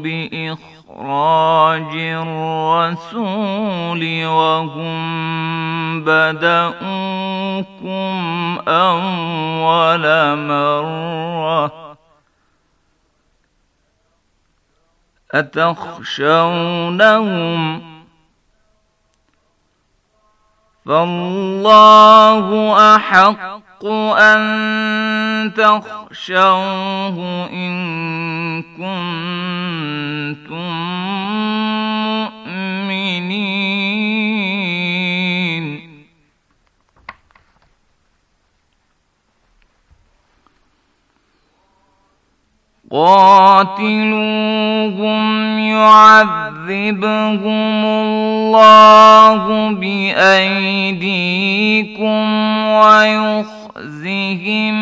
بإخراج الرسول وهم بدأوكم أول مرة أتخشونهم فالله أحق أن تخشوه إن كنتم مؤمنين قاتلوهم يعذبون يعذبهم الله بأيديكم ويخزهم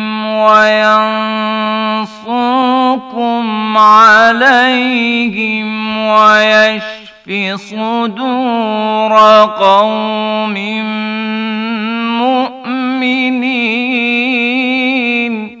وينصركم عليهم ويشفي صدور قوم مؤمنين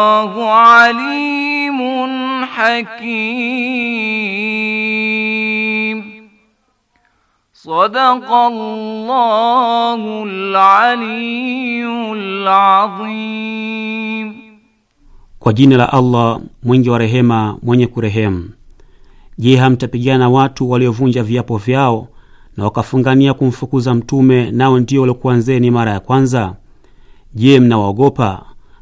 wallahu alimun hakim. Sadakallahu aliyyul azim. Kwa jina la Allah mwingi wa rehema mwenye kurehemu. Je, hamtapigana watu waliovunja viapo vyao na wakafungania kumfukuza Mtume, nao ndio waliokuanzeni mara ya kwanza? Je, mnawaogopa?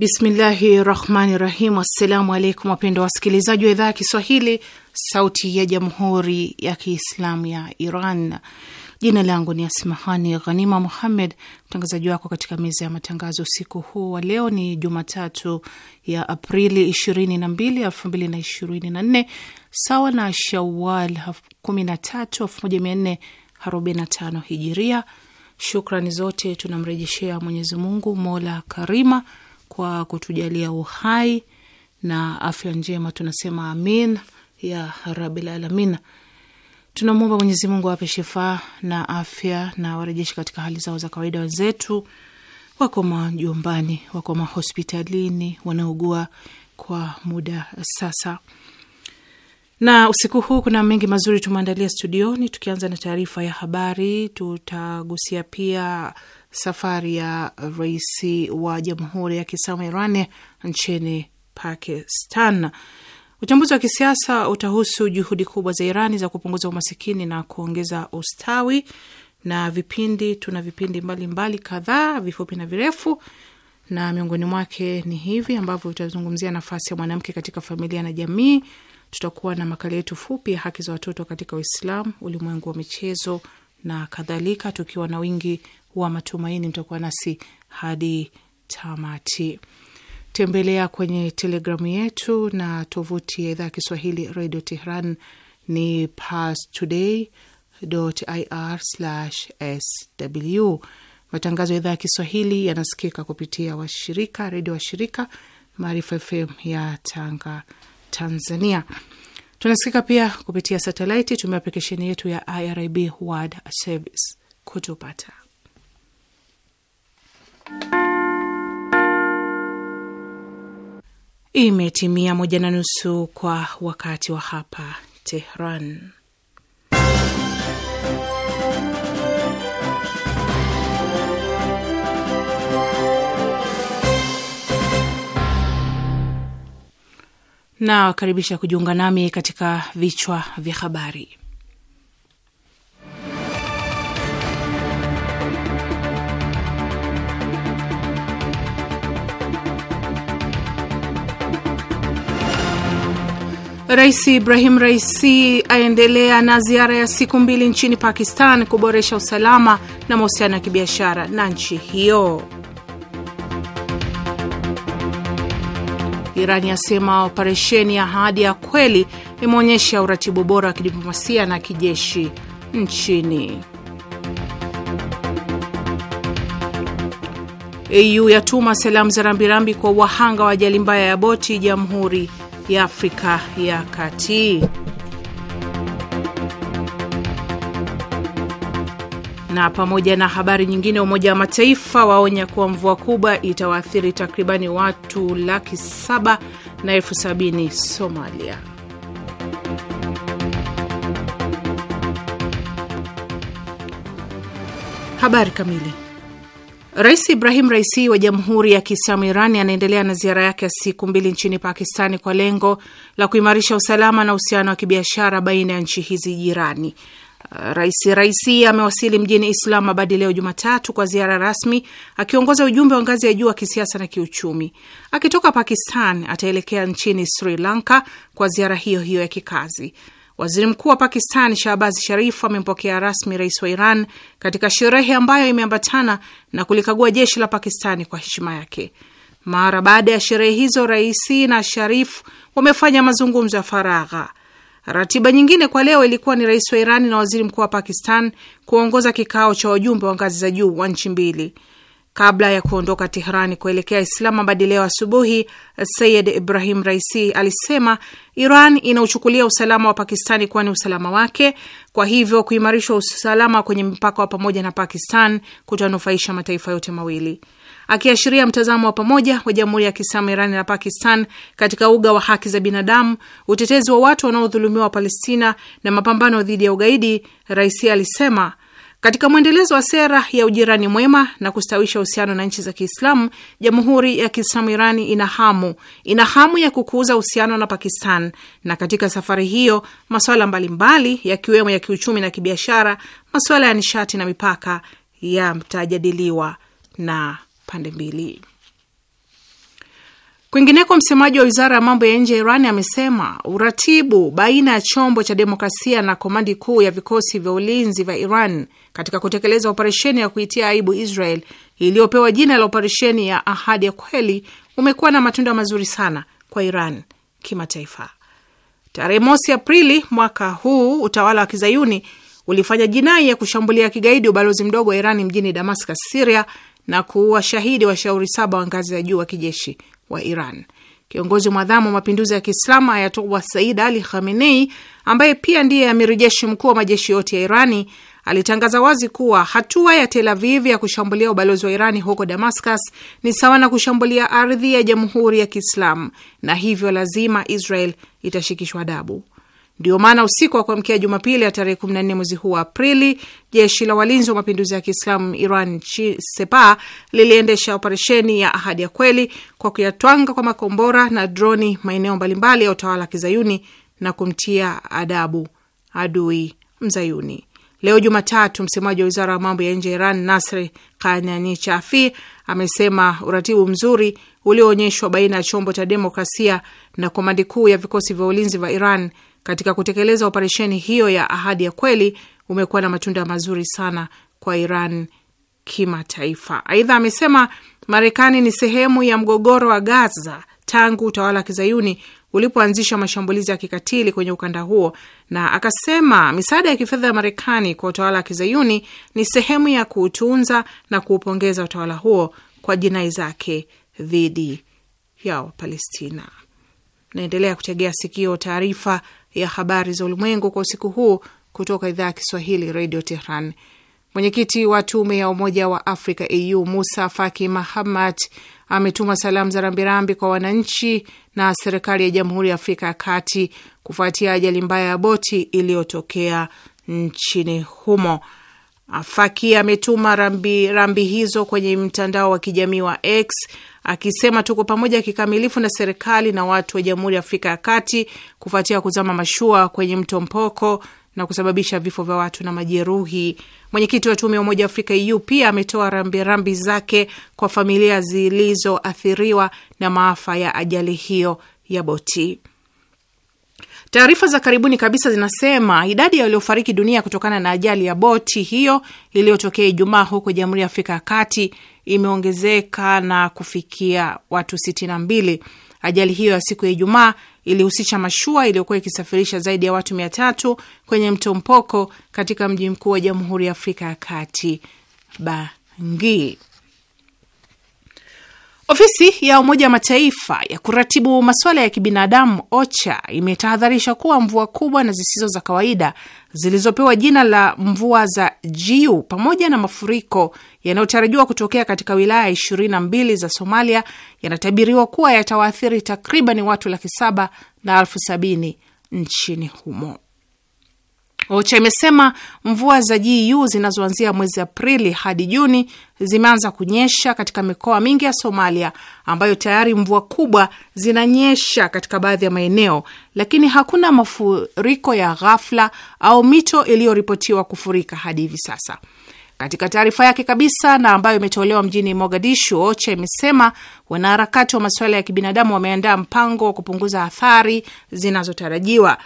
Bismillahi rahmani rahim. Assalamu alaikum wapendwa wasikilizaji wa idhaa ya Kiswahili sauti ya jamhuri ya Kiislamu ya Iran. Jina langu ni Asmahani Ghanima Muhammed, mtangazaji wako katika meza ya matangazo usiku huu wa leo. Ni Jumatatu ya Aprili 22, 2024 sawa na Shawal 13, 1445 Hijiria. Shukrani zote tunamrejeshea Mwenyezi Mungu mola karima kwa kutujalia uhai na afya njema, tunasema amin ya rabil alamin. Tunamwomba Mwenyezi Mungu awape shifaa na afya na warejeshi katika hali zao za kawaida wenzetu wako majumbani, wako mahospitalini, wanaugua kwa muda sasa na usiku huu kuna mengi mazuri tumeandalia studioni, tukianza na taarifa ya habari. Tutagusia pia safari ya rais wa Jamhuri ya Kiislamu Iran nchini Pakistan. Uchambuzi wa kisiasa utahusu juhudi kubwa za Irani za kupunguza umasikini na kuongeza ustawi, na vipindi tuna vipindi mbalimbali kadhaa, vifupi na virefu, na miongoni mwake ni hivi ambavyo vitazungumzia nafasi ya mwanamke katika familia na jamii tutakuwa na makala yetu fupi ya haki za watoto katika Uislamu, ulimwengu wa michezo na kadhalika. Tukiwa na wingi wa matumaini, mtakuwa nasi hadi tamati. Tembelea kwenye telegramu yetu na tovuti ya idhaa ya Kiswahili Radio Tehran ni pastoday.ir/sw. Matangazo ya idhaa ya Kiswahili yanasikika kupitia washirika redio washirika Maarifa FM ya Tanga Tanzania. Tunasikika pia kupitia satelaiti, tumia aplikesheni yetu ya IRIB World Service kutupata Imetimia moja na nusu kwa wakati wa hapa Tehran. na wakaribisha kujiunga nami katika vichwa vya habari. Rais Ibrahim Raisi aendelea na ziara ya siku mbili nchini Pakistan kuboresha usalama na mahusiano ya kibiashara na nchi hiyo. Irani yasema operesheni ya Ahadi ya Kweli imeonyesha uratibu bora wa kidiplomasia na kijeshi nchini. EU yatuma salamu za rambirambi kwa wahanga wa ajali mbaya ya boti Jamhuri ya Afrika ya Kati. Na pamoja na habari nyingine, Umoja wa Mataifa waonya kuwa mvua kubwa itawaathiri takribani watu laki saba na elfu sabini Somalia. Habari kamili. Rais Ibrahim Raisi wa Jamhuri ya Kiislamu Irani anaendelea na ziara yake ya siku mbili nchini Pakistani kwa lengo la kuimarisha usalama na uhusiano wa kibiashara baina ya nchi hizi jirani. Rais Raisi amewasili mjini Islamabad leo Jumatatu kwa ziara rasmi, akiongoza ujumbe wa ngazi ya juu wa kisiasa na kiuchumi. Akitoka Pakistan, ataelekea nchini Sri Lanka kwa ziara hiyo hiyo ya kikazi. Waziri mkuu wa Pakistan Shahbaz Sharif amempokea rasmi rais wa Iran katika sherehe ambayo imeambatana na kulikagua jeshi la Pakistani kwa heshima yake. Mara baada ya sherehe hizo, Raisi na Sharif wamefanya mazungumzo ya faragha Ratiba nyingine kwa leo ilikuwa ni rais wa Irani na waziri mkuu wa Pakistan kuongoza kikao cha wajumbe wa ngazi za juu wa nchi mbili. Kabla ya kuondoka Tehrani kuelekea Islamabad leo asubuhi, Sayid Ibrahim Raisi alisema Iran inauchukulia usalama wa Pakistani kuwa ni usalama wake, kwa hivyo kuimarishwa usalama kwenye mpaka wa pamoja na Pakistan kutanufaisha mataifa yote mawili, akiashiria mtazamo wa pamoja wa Jamhuri ya Kiislamu Irani na Pakistan katika uga wa haki za binadamu, utetezi wa watu wanaodhulumiwa wa Palestina na mapambano dhidi ya ugaidi. Raisi alisema katika mwendelezo wa sera ya ujirani mwema na kustawisha uhusiano na nchi za Kiislamu, Jamhuri ya Kiislamu Irani ina hamu ina hamu ya kukuza uhusiano na Pakistan, na katika safari hiyo masuala mbalimbali yakiwemo ya kiuchumi na kibiashara, masuala ya nishati na mipaka yatajadiliwa na pande mbili. Kwingineko, msemaji wa wizara ya mambo ya nje ya Iran amesema uratibu baina ya chombo cha demokrasia na komandi kuu ya vikosi vya ulinzi vya Iran katika kutekeleza operesheni ya kuitia aibu Israel iliyopewa jina la operesheni ya Ahadi ya Kweli umekuwa na matunda mazuri sana kwa Iran kimataifa. Tarehe mosi Aprili mwaka huu utawala wa kizayuni ulifanya jinai ya kushambulia kigaidi ubalozi mdogo wa Iran mjini Damascus, Siria, na kuua shahidi washauri saba wa ngazi za juu wa kijeshi wa Iran. Kiongozi mwadhamu wa mapinduzi ya Kiislamu Ayatollah Said Ali Khamenei, ambaye pia ndiye amiri jeshi mkuu wa majeshi yote ya Irani, alitangaza wazi kuwa hatua ya Tel Aviv ya kushambulia ubalozi wa Irani huko Damascus ni sawa na kushambulia ardhi ya jamhuri ya Kiislamu, na hivyo lazima Israel itashikishwa adabu. Ndio maana usiku wa kuamkia Jumapili ya tarehe 14 mwezi huu wa Aprili, jeshi la walinzi wa mapinduzi ya Kiislamu Iran Sepa liliendesha operesheni ya Ahadi ya Kweli kwa kuyatwanga kwa makombora na droni maeneo mbalimbali ya utawala wa Kizayuni na kumtia adabu adui mzayuni. Leo Jumatatu, msemaji wa wizara ya mambo ya nje ya Iran Nasri Kanani Chafi amesema uratibu mzuri ulioonyeshwa baina ya chombo cha demokrasia na komandi kuu ya vikosi vya ulinzi vya Iran katika kutekeleza operesheni hiyo ya ahadi ya kweli umekuwa na matunda mazuri sana kwa Iran kimataifa. Aidha amesema Marekani ni sehemu ya mgogoro wa Gaza tangu utawala wa kizayuni ulipoanzisha mashambulizi ya kikatili kwenye ukanda huo, na akasema misaada ya kifedha ya Marekani kwa utawala wa kizayuni ni sehemu ya kuutunza na kuupongeza utawala huo kwa jinai zake dhidi ya Wapalestina. Naendelea kutegea sikio taarifa ya habari za ulimwengu kwa usiku huu kutoka idhaa ya Kiswahili redio Tehran. Mwenyekiti wa tume ya Umoja wa Afrika AU Musa Faki Mahamat ametuma salamu za rambirambi kwa wananchi na serikali ya Jamhuri ya Afrika ya Kati kufuatia ajali mbaya ya boti iliyotokea nchini humo. Faki ametuma rambi, rambi hizo kwenye mtandao wa kijamii wa X akisema tuko pamoja kikamilifu na serikali na watu wa Jamhuri ya Afrika ya Kati kufuatia kuzama mashua kwenye mto Mpoko na kusababisha vifo vya watu na majeruhi. Mwenyekiti wa tume ya Umoja wa Afrika EU pia ametoa rambirambi zake kwa familia zilizoathiriwa na maafa ya ajali hiyo ya boti. Taarifa za karibuni kabisa zinasema idadi ya waliofariki dunia kutokana na ajali ya boti hiyo iliyotokea Ijumaa huko Jamhuri ya Afrika ya Kati imeongezeka na kufikia watu mbili Ajali hiyo ya siku ya Ijumaa ilihusisha mashua iliyokuwa ikisafirisha zaidi ya watu mia tatu kwenye mto Mpoko katika mji mkuu wa Jamhuri ya Afrika ya Kati, Bangui. Ofisi ya Umoja wa Mataifa ya kuratibu masuala ya kibinadamu OCHA imetahadharisha kuwa mvua kubwa na zisizo za kawaida zilizopewa jina la mvua za Jiu pamoja na mafuriko yanayotarajiwa kutokea katika wilaya 22 za Somalia yanatabiriwa kuwa yatawaathiri takriban watu laki saba na elfu sabini nchini humo. OCHA imesema mvua za GU zinazoanzia mwezi Aprili hadi Juni zimeanza kunyesha katika mikoa mingi ya Somalia, ambayo tayari mvua kubwa zinanyesha katika baadhi ya maeneo, lakini hakuna mafuriko ya ghafla au mito iliyoripotiwa kufurika hadi hivi sasa. Katika taarifa yake kabisa na ambayo imetolewa mjini Mogadishu, OCHA imesema wanaharakati wa masuala ya kibinadamu wameandaa mpango wa kupunguza athari zinazotarajiwa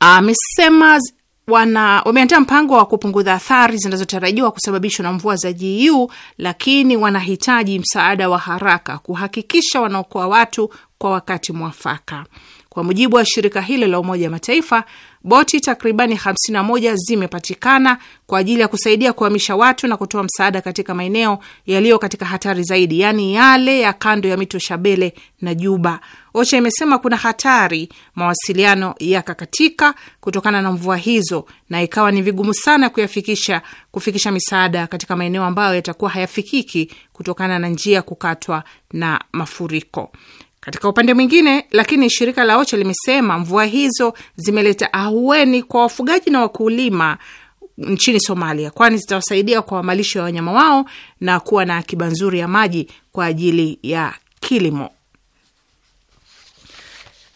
amesema ah, wana wameandaa mpango wa kupunguza athari zinazotarajiwa kusababishwa na mvua za GU, lakini wanahitaji msaada wa haraka kuhakikisha wanaokoa watu kwa wakati mwafaka. Kwa mujibu wa shirika hilo la Umoja wa Mataifa, boti takribani 51 zimepatikana kwa ajili ya kusaidia kuhamisha watu na kutoa msaada katika maeneo yaliyo katika hatari zaidi, yaani yale ya kando ya mito Shabele na Juba. OCHA imesema kuna hatari mawasiliano yakakatika kutokana na mvua hizo, na ikawa ni vigumu sana kuyafikisha kufikisha misaada katika maeneo ambayo yatakuwa hayafikiki kutokana na njia kukatwa na mafuriko. Katika upande mwingine, lakini shirika la OCHA limesema mvua hizo zimeleta ahueni kwa wafugaji na wakulima nchini Somalia, kwani zitawasaidia kwa malisho ya wanyama wao na kuwa na akiba nzuri ya maji kwa ajili ya kilimo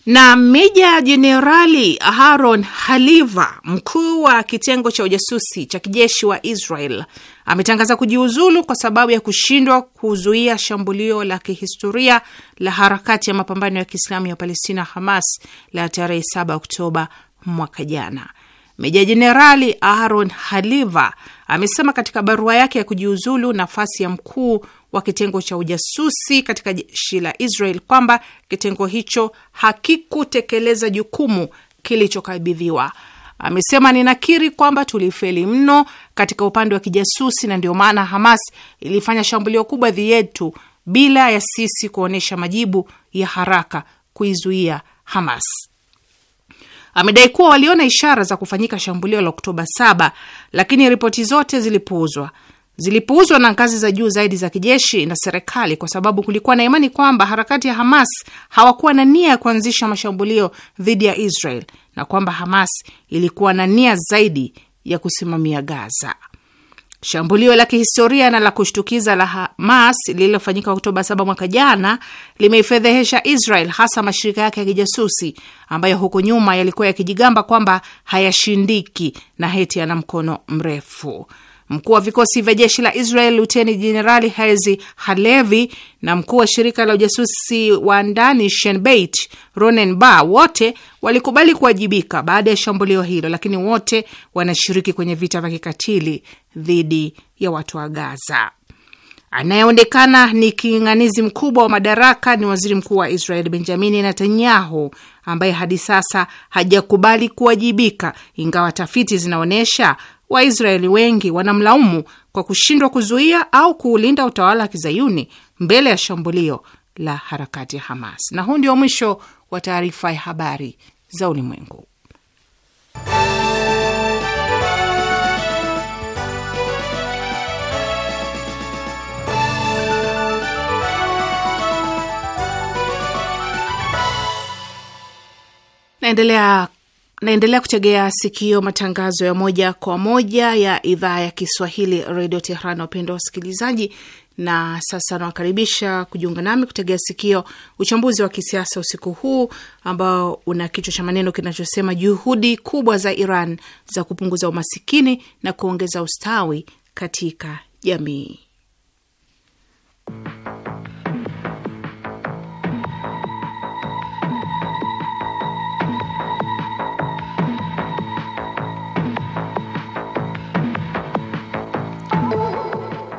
na meja jenerali Haron Haliva, mkuu wa kitengo cha ujasusi cha kijeshi wa Israel, ametangaza kujiuzulu kwa sababu ya kushindwa kuzuia shambulio la kihistoria la harakati ya mapambano ya Kiislamu ya Palestina, Hamas, la tarehe 7 Oktoba mwaka jana. Meja jenerali Aaron Haliva amesema katika barua yake ya kujiuzulu nafasi ya mkuu wa kitengo cha ujasusi katika jeshi la Israel kwamba kitengo hicho hakikutekeleza jukumu kilichokabidhiwa. Amesema, ninakiri kwamba tulifeli mno katika upande wa kijasusi, na ndio maana Hamas ilifanya shambulio kubwa dhidi yetu bila ya sisi kuonyesha majibu ya haraka kuizuia Hamas. Amedai kuwa waliona ishara za kufanyika shambulio la Oktoba 7 lakini ripoti zote zilipuuzwa zilipuuzwa na ngazi za juu zaidi za kijeshi na serikali kwa sababu kulikuwa na imani kwamba harakati ya Hamas hawakuwa na nia ya kuanzisha mashambulio dhidi ya Israel na kwamba Hamas ilikuwa na nia zaidi ya kusimamia Gaza. Shambulio la kihistoria na la kushtukiza la Hamas lililofanyika Oktoba 7 mwaka jana limeifedhehesha Israel, hasa mashirika yake ya kijasusi ambayo huko nyuma yalikuwa yakijigamba kwamba hayashindiki na heti yana mkono mrefu. Mkuu wa vikosi vya jeshi la Israel Luteni Jenerali Hezi Halevi na mkuu wa shirika la ujasusi wa ndani Shenbeit Ronen Bar wote walikubali kuwajibika baada ya shambulio hilo, lakini wote wanashiriki kwenye vita vya kikatili dhidi ya watu wa Gaza. Anayeonekana ni king'anizi mkubwa wa madaraka ni waziri mkuu wa Israel Benjamini Netanyahu, ambaye hadi sasa hajakubali kuwajibika, ingawa tafiti zinaonyesha Waisraeli wengi wanamlaumu kwa kushindwa kuzuia au kuulinda utawala wa kizayuni mbele ya shambulio la harakati ya Hamas. Na huu ndio mwisho wa taarifa ya habari za ulimwengu. Naendelea Naendelea kutegea sikio matangazo ya moja kwa moja ya idhaa ya Kiswahili redio Tehran, wapendwa wasikilizaji. Na sasa nawakaribisha kujiunga nami kutegea sikio uchambuzi wa kisiasa usiku huu ambao una kichwa cha maneno kinachosema juhudi kubwa za Iran za kupunguza umasikini na kuongeza ustawi katika jamii.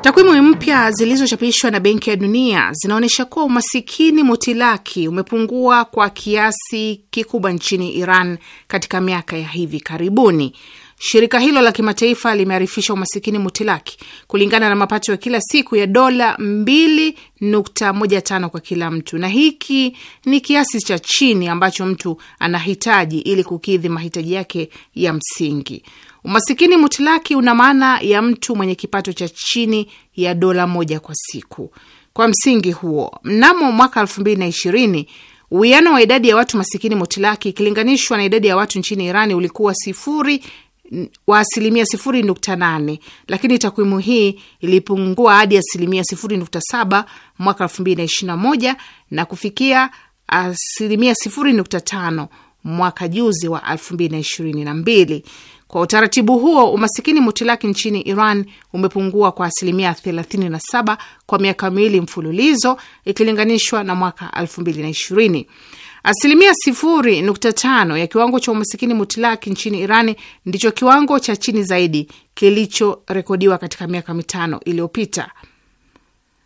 Takwimu mpya zilizochapishwa na Benki ya Dunia zinaonyesha kuwa umasikini mutilaki umepungua kwa kiasi kikubwa nchini Iran katika miaka ya hivi karibuni. Shirika hilo la kimataifa limearifisha umasikini mutilaki kulingana na mapato ya kila siku ya dola 2.15 kwa kila mtu, na hiki ni kiasi cha chini ambacho mtu anahitaji ili kukidhi mahitaji yake ya msingi. Umasikini mutilaki una maana ya mtu mwenye kipato cha chini ya dola moja kwa siku. Kwa msingi huo, mnamo mwaka elfu mbili na ishirini uwiano wa idadi ya watu masikini mutilaki ikilinganishwa na idadi ya watu nchini Irani ulikuwa sifuri wa asilimia sifuri nukta nane lakini takwimu hii ilipungua hadi asilimia sifuri nukta saba mwaka elfu mbili na ishirini na moja na kufikia asilimia sifuri nukta tano mwaka juzi wa elfu mbili na ishirini na mbili. Kwa utaratibu huo, umasikini mutilaki nchini Iran umepungua kwa asilimia 37 kwa miaka miwili mfululizo ikilinganishwa na mwaka 2020. Asilimia 0.5 ya kiwango cha umasikini mutilaki nchini iran ndicho kiwango cha chini zaidi kilichorekodiwa katika miaka mitano iliyopita.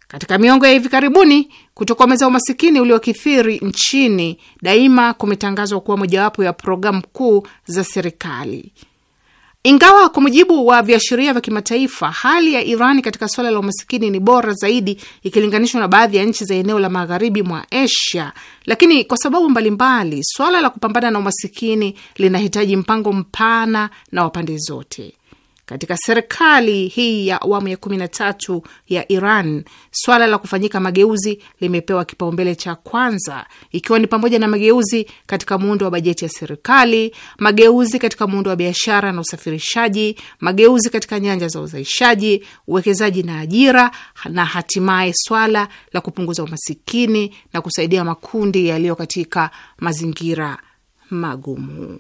Katika miongo ya hivi karibuni, kutokomeza umasikini uliokithiri nchini daima kumetangazwa kuwa mojawapo ya programu kuu za serikali. Ingawa kwa mujibu wa viashiria vya kimataifa hali ya Iran katika suala la umasikini ni bora zaidi ikilinganishwa na baadhi ya nchi za eneo la magharibi mwa Asia, lakini kwa sababu mbalimbali, swala la kupambana na umasikini linahitaji mpango mpana na wa pande zote. Katika serikali hii ya awamu ya kumi na tatu ya Iran, swala la kufanyika mageuzi limepewa kipaumbele cha kwanza, ikiwa ni pamoja na mageuzi katika muundo wa bajeti ya serikali, mageuzi katika muundo wa biashara na usafirishaji, mageuzi katika nyanja za uzalishaji, uwekezaji na ajira, na hatimaye swala la kupunguza umasikini na kusaidia makundi yaliyo katika mazingira magumu.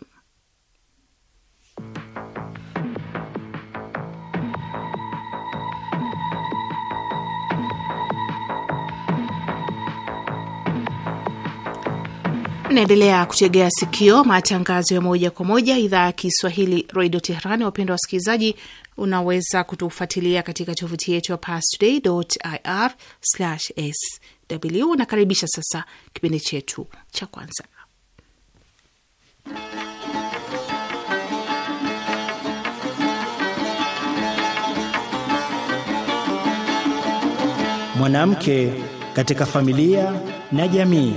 Naendelea kutegea sikio matangazo ya moja kwa moja idhaa ya Kiswahili redio Teherani. Wapendwa wasikilizaji, unaweza kutufuatilia katika tovuti yetu ya pastodayir sw Nakaribisha sasa kipindi chetu cha kwanza mwanamke katika familia na jamii.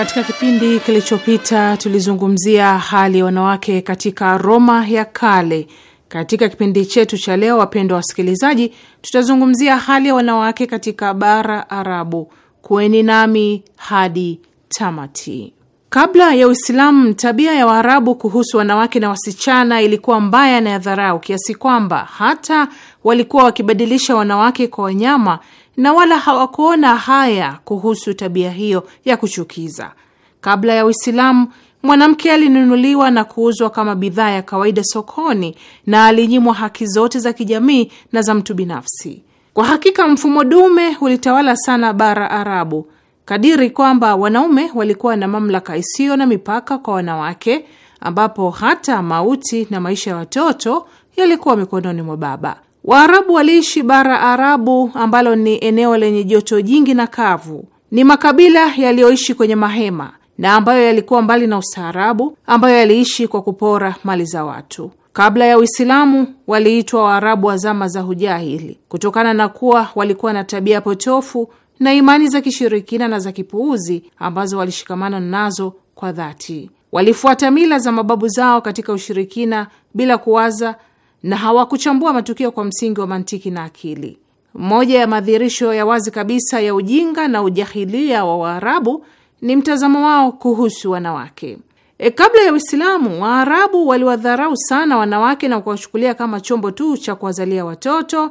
Katika kipindi kilichopita tulizungumzia hali ya wanawake katika Roma ya kale. Katika kipindi chetu cha leo, wapendwa wasikilizaji, tutazungumzia hali ya wanawake katika bara Arabu. Kuweni nami hadi tamati. Kabla ya Uislamu, tabia ya Waarabu kuhusu wanawake na wasichana ilikuwa mbaya na ya dharau, kiasi kwamba hata walikuwa wakibadilisha wanawake kwa wanyama na wala hawakuona haya kuhusu tabia hiyo ya kuchukiza. Kabla ya Uislamu, mwanamke alinunuliwa na kuuzwa kama bidhaa ya kawaida sokoni na alinyimwa haki zote za kijamii na za mtu binafsi. Kwa hakika mfumo dume ulitawala sana bara Arabu kadiri kwamba wanaume walikuwa na mamlaka isiyo na mipaka kwa wanawake, ambapo hata mauti na maisha ya watoto yalikuwa mikononi mwa baba. Waarabu waliishi bara Arabu ambalo ni eneo lenye joto jingi na kavu. Ni makabila yaliyoishi kwenye mahema na ambayo yalikuwa mbali na ustaarabu, ambayo yaliishi kwa kupora mali za watu. Kabla ya Uislamu waliitwa Waarabu wa zama za hujahili kutokana na kuwa walikuwa na tabia potofu na imani za kishirikina na za kipuuzi ambazo walishikamana nazo kwa dhati. Walifuata mila za mababu zao katika ushirikina bila kuwaza na hawakuchambua matukio kwa msingi wa mantiki na akili. Moja ya madhihirisho ya wazi kabisa ya ujinga na ujahilia wa Waarabu ni mtazamo wao kuhusu wanawake. E, kabla ya Uislamu Waarabu waliwadharau sana wanawake na kuwachukulia kama chombo tu cha kuwazalia watoto,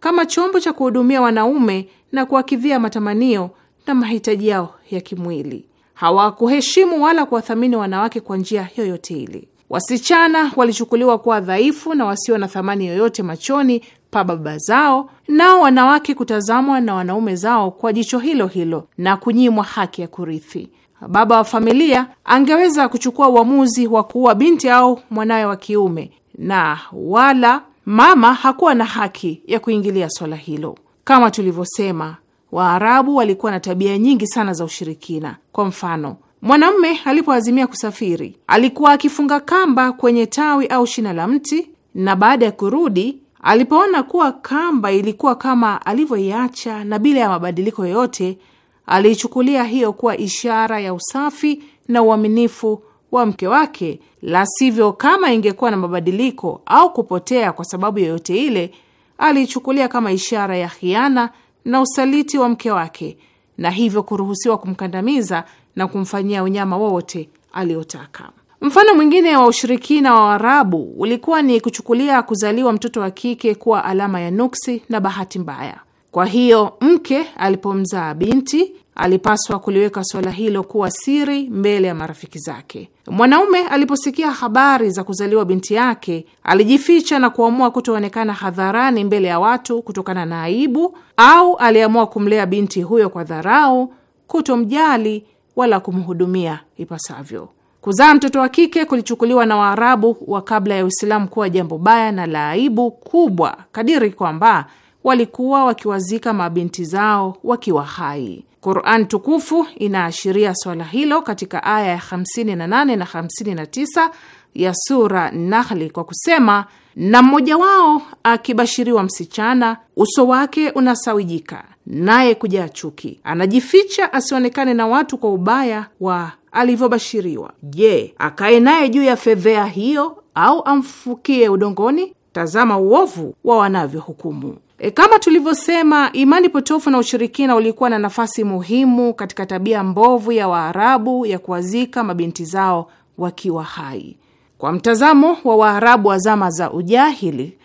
kama chombo cha kuhudumia wanaume na kuwakidhia matamanio na mahitaji yao ya kimwili. Hawakuheshimu wala kuwathamini wanawake kwa njia yoyote ile. Wasichana walichukuliwa kuwa dhaifu na wasio na thamani yoyote machoni pa baba zao, nao wanawake kutazamwa na wanaume zao kwa jicho hilo hilo na kunyimwa haki ya kurithi. Baba wa familia angeweza kuchukua uamuzi wa kuua binti au mwanawe wa kiume, na wala mama hakuwa na haki ya kuingilia swala hilo. Kama tulivyosema, Waarabu walikuwa na tabia nyingi sana za ushirikina. Kwa mfano Mwanamume alipoazimia kusafiri, alikuwa akifunga kamba kwenye tawi au shina la mti, na baada ya kurudi, alipoona kuwa kamba ilikuwa kama alivyoiacha na bila ya mabadiliko yoyote, aliichukulia hiyo kuwa ishara ya usafi na uaminifu wa mke wake, la sivyo, kama ingekuwa na mabadiliko au kupotea kwa sababu yoyote ile, aliichukulia kama ishara ya khiana na usaliti wa mke wake, na hivyo kuruhusiwa kumkandamiza na kumfanyia unyama wowote aliotaka. Mfano mwingine wa ushirikina wa Waarabu ulikuwa ni kuchukulia kuzaliwa mtoto wa kike kuwa alama ya nuksi na bahati mbaya. Kwa hiyo mke alipomzaa binti alipaswa kuliweka suala hilo kuwa siri mbele ya marafiki zake. Mwanaume aliposikia habari za kuzaliwa binti yake alijificha na kuamua kutoonekana hadharani mbele ya watu kutokana na aibu, au aliamua kumlea binti huyo kwa dharau, kutomjali wala kumhudumia ipasavyo. Kuzaa mtoto wa kike kulichukuliwa na Waarabu wa kabla ya Uislamu kuwa jambo baya na la aibu kubwa, kadiri kwamba walikuwa wakiwazika mabinti zao wakiwa hai. Quran tukufu inaashiria swala hilo katika aya ya 58 na 59 ya sura Nahli kwa kusema, na mmoja wao akibashiriwa msichana, uso wake unasawijika naye kujaa chuki, anajificha asionekane na watu kwa ubaya wa alivyobashiriwa. Je, akae naye juu ya fedhea hiyo au amfukie udongoni? Tazama uovu wa wanavyohukumu. E, kama tulivyosema, imani potofu na ushirikina ulikuwa na nafasi muhimu katika tabia mbovu ya Waarabu ya kuwazika mabinti zao wakiwa hai. Kwa mtazamo wa Waarabu wa zama za ujahili,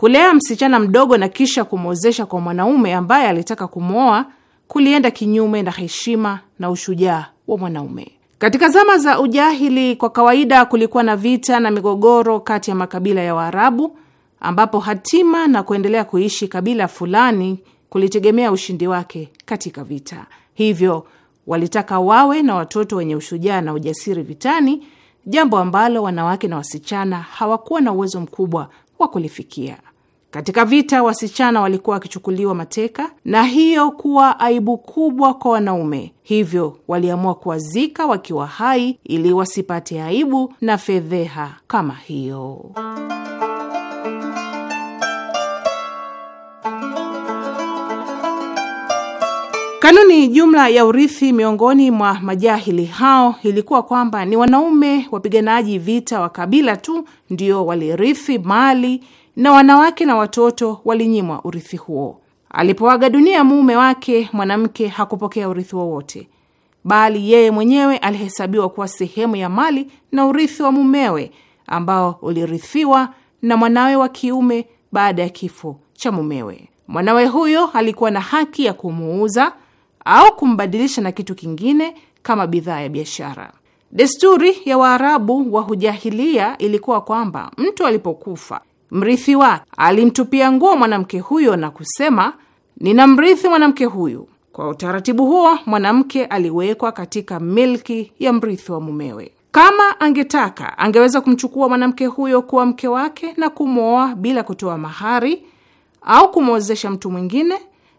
Kulea msichana mdogo na kisha kumwozesha kwa mwanaume ambaye alitaka kumwoa kulienda kinyume na heshima na ushujaa wa mwanaume. Katika zama za ujahili, kwa kawaida kulikuwa na vita na migogoro kati ya makabila ya Waarabu, ambapo hatima na kuendelea kuishi kabila fulani kulitegemea ushindi wake katika vita. Hivyo walitaka wawe na watoto wenye ushujaa na ujasiri vitani, jambo ambalo wanawake na wasichana hawakuwa na uwezo mkubwa wa kulifikia. Katika vita wasichana walikuwa wakichukuliwa mateka na hiyo kuwa aibu kubwa kwa wanaume, hivyo waliamua kuwazika wakiwa hai ili wasipate aibu na fedheha kama hiyo. Kanuni jumla ya urithi miongoni mwa majahili hao ilikuwa kwamba ni wanaume wapiganaji vita wa kabila tu ndio walirithi mali na wanawake na watoto walinyimwa urithi huo. Alipoaga dunia mume wake, mwanamke hakupokea urithi wowote, bali yeye mwenyewe alihesabiwa kuwa sehemu ya mali na urithi wa mumewe ambao ulirithiwa na mwanawe wa kiume baada ya kifo cha mumewe. Mwanawe huyo alikuwa na haki ya kumuuza au kumbadilisha na kitu kingine kama bidhaa ya biashara. Desturi ya Waarabu wa hujahilia ilikuwa kwamba mtu alipokufa mrithi wake alimtupia nguo mwanamke huyo na kusema, nina mrithi mwanamke huyu. Kwa utaratibu huo, mwanamke aliwekwa katika milki ya mrithi wa mumewe. Kama angetaka angeweza kumchukua mwanamke huyo kuwa mke wake na kumwoa bila kutoa mahari au kumwozesha mtu mwingine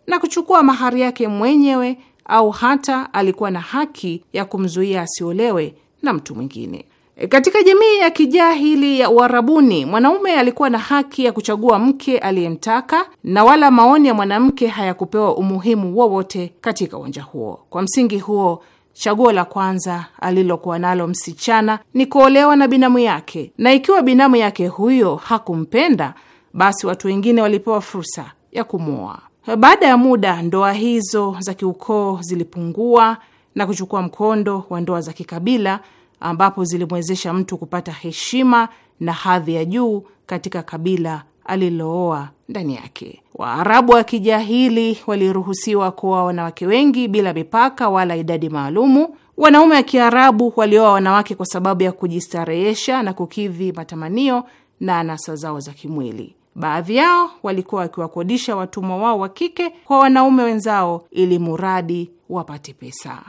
na kuchukua mahari yake mwenyewe, au hata alikuwa na haki ya kumzuia asiolewe na mtu mwingine. Katika jamii ya kijahili ya Uarabuni, mwanaume alikuwa na haki ya kuchagua mke aliyemtaka na wala maoni ya mwanamke hayakupewa umuhimu wowote katika uwanja huo. Kwa msingi huo, chaguo la kwanza alilokuwa nalo msichana ni kuolewa na binamu yake, na ikiwa binamu yake huyo hakumpenda, basi watu wengine walipewa fursa ya kumwoa. Baada ya muda, ndoa hizo za kiukoo zilipungua na kuchukua mkondo wa ndoa za kikabila ambapo zilimwezesha mtu kupata heshima na hadhi ya juu katika kabila alilooa ndani yake. Waarabu wa kijahili waliruhusiwa kuoa wanawake wengi bila mipaka wala idadi maalumu. Wanaume wa Kiarabu walioa wanawake kwa sababu ya kujistarehesha na kukidhi matamanio na anasa zao za kimwili. Baadhi yao walikuwa wakiwakodisha watumwa wao wa kike kwa wanaume wenzao ili muradi wapate pesa.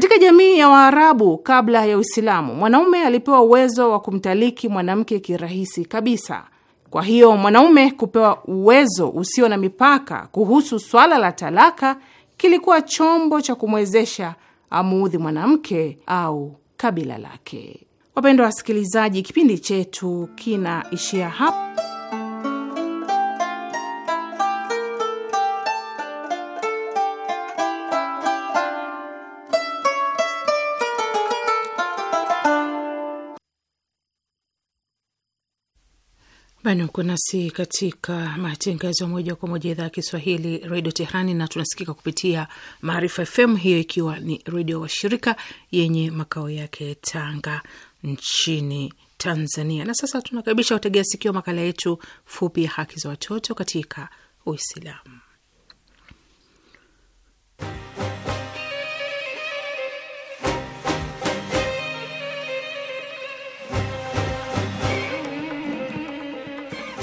Katika jamii ya Waarabu kabla ya Uislamu, mwanaume alipewa uwezo wa kumtaliki mwanamke kirahisi kabisa. Kwa hiyo mwanaume kupewa uwezo usio na mipaka kuhusu swala la talaka kilikuwa chombo cha kumwezesha amuudhi mwanamke au kabila lake. Wapendwa wasikilizaji, kipindi chetu kinaishia hapa. Bado uko nasi katika matangazo ya moja kwa moja idhaa ya Kiswahili redio Tehrani, na tunasikika kupitia Maarifa FM, hiyo ikiwa ni redio washirika yenye makao yake Tanga nchini Tanzania. Na sasa tunakaribisha utegea sikio makala yetu fupi ya haki za watoto katika Uislamu.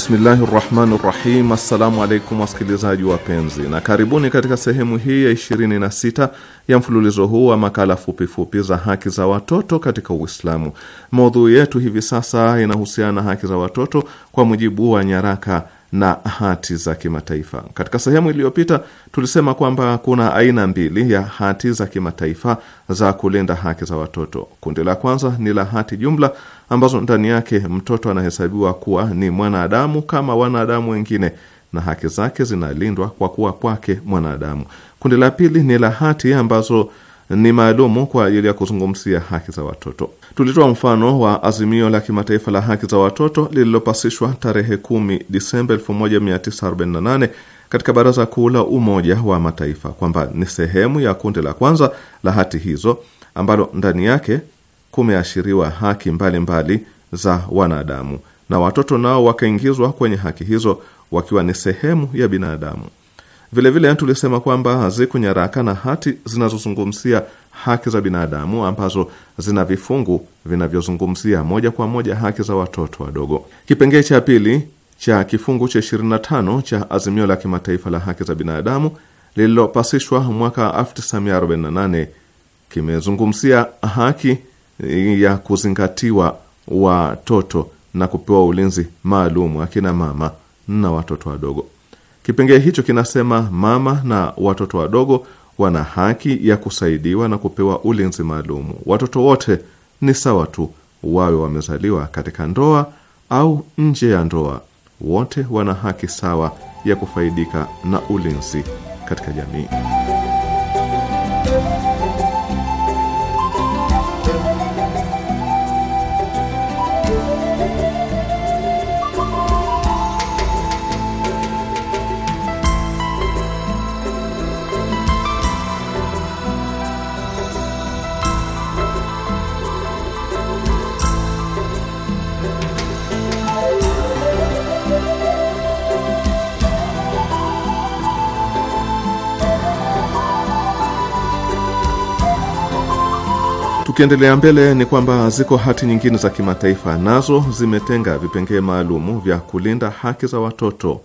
Bismillahi rahmani rahim. Assalamu alaikum wasikilizaji wapenzi, na karibuni katika sehemu hii ya 26 ya mfululizo huu wa makala fupifupi za haki za watoto katika Uislamu. Maudhui yetu hivi sasa inahusiana na haki za watoto kwa mujibu wa nyaraka na hati za kimataifa. Katika sehemu iliyopita tulisema kwamba kuna aina mbili ya hati za kimataifa za kulinda haki za watoto. Kundi la kwanza ni la hati jumla ambazo ndani yake mtoto anahesabiwa kuwa ni mwanadamu kama wanadamu wengine na haki zake zinalindwa kwa kuwa kwake mwanadamu. Kundi la pili ni la hati ambazo ni maalumu kwa ajili ya kuzungumzia haki za watoto. Tulitoa mfano wa azimio la kimataifa la haki za watoto lililopasishwa tarehe 10 Disemba 1948 katika Baraza Kuu la Umoja wa Mataifa kwamba ni sehemu ya kundi la kwanza la hati hizo ambalo ndani yake kumeashiriwa haki mbalimbali mbali za wanadamu na watoto nao wakaingizwa kwenye haki hizo wakiwa ni sehemu ya binadamu. Vilevile tulisema kwamba ziko nyaraka na hati zinazozungumzia haki za binadamu ambazo zina vifungu vinavyozungumzia moja kwa moja haki za watoto wadogo. Kipengee cha pili cha kifungu cha 25 cha Azimio la Kimataifa la Haki za Binadamu lililopasishwa mwaka 1948 kimezungumzia haki ya kuzingatiwa watoto na kupewa ulinzi maalum akina mama na watoto wadogo. Kipengee hicho kinasema mama na watoto wadogo wana haki ya kusaidiwa na kupewa ulinzi maalumu. Watoto wote ni sawa tu, wawe wamezaliwa katika ndoa au nje ya ndoa, wote wana haki sawa ya kufaidika na ulinzi katika jamii. Tukiendelea mbele ni kwamba ziko hati nyingine za kimataifa nazo zimetenga vipengee maalumu vya kulinda haki za watoto.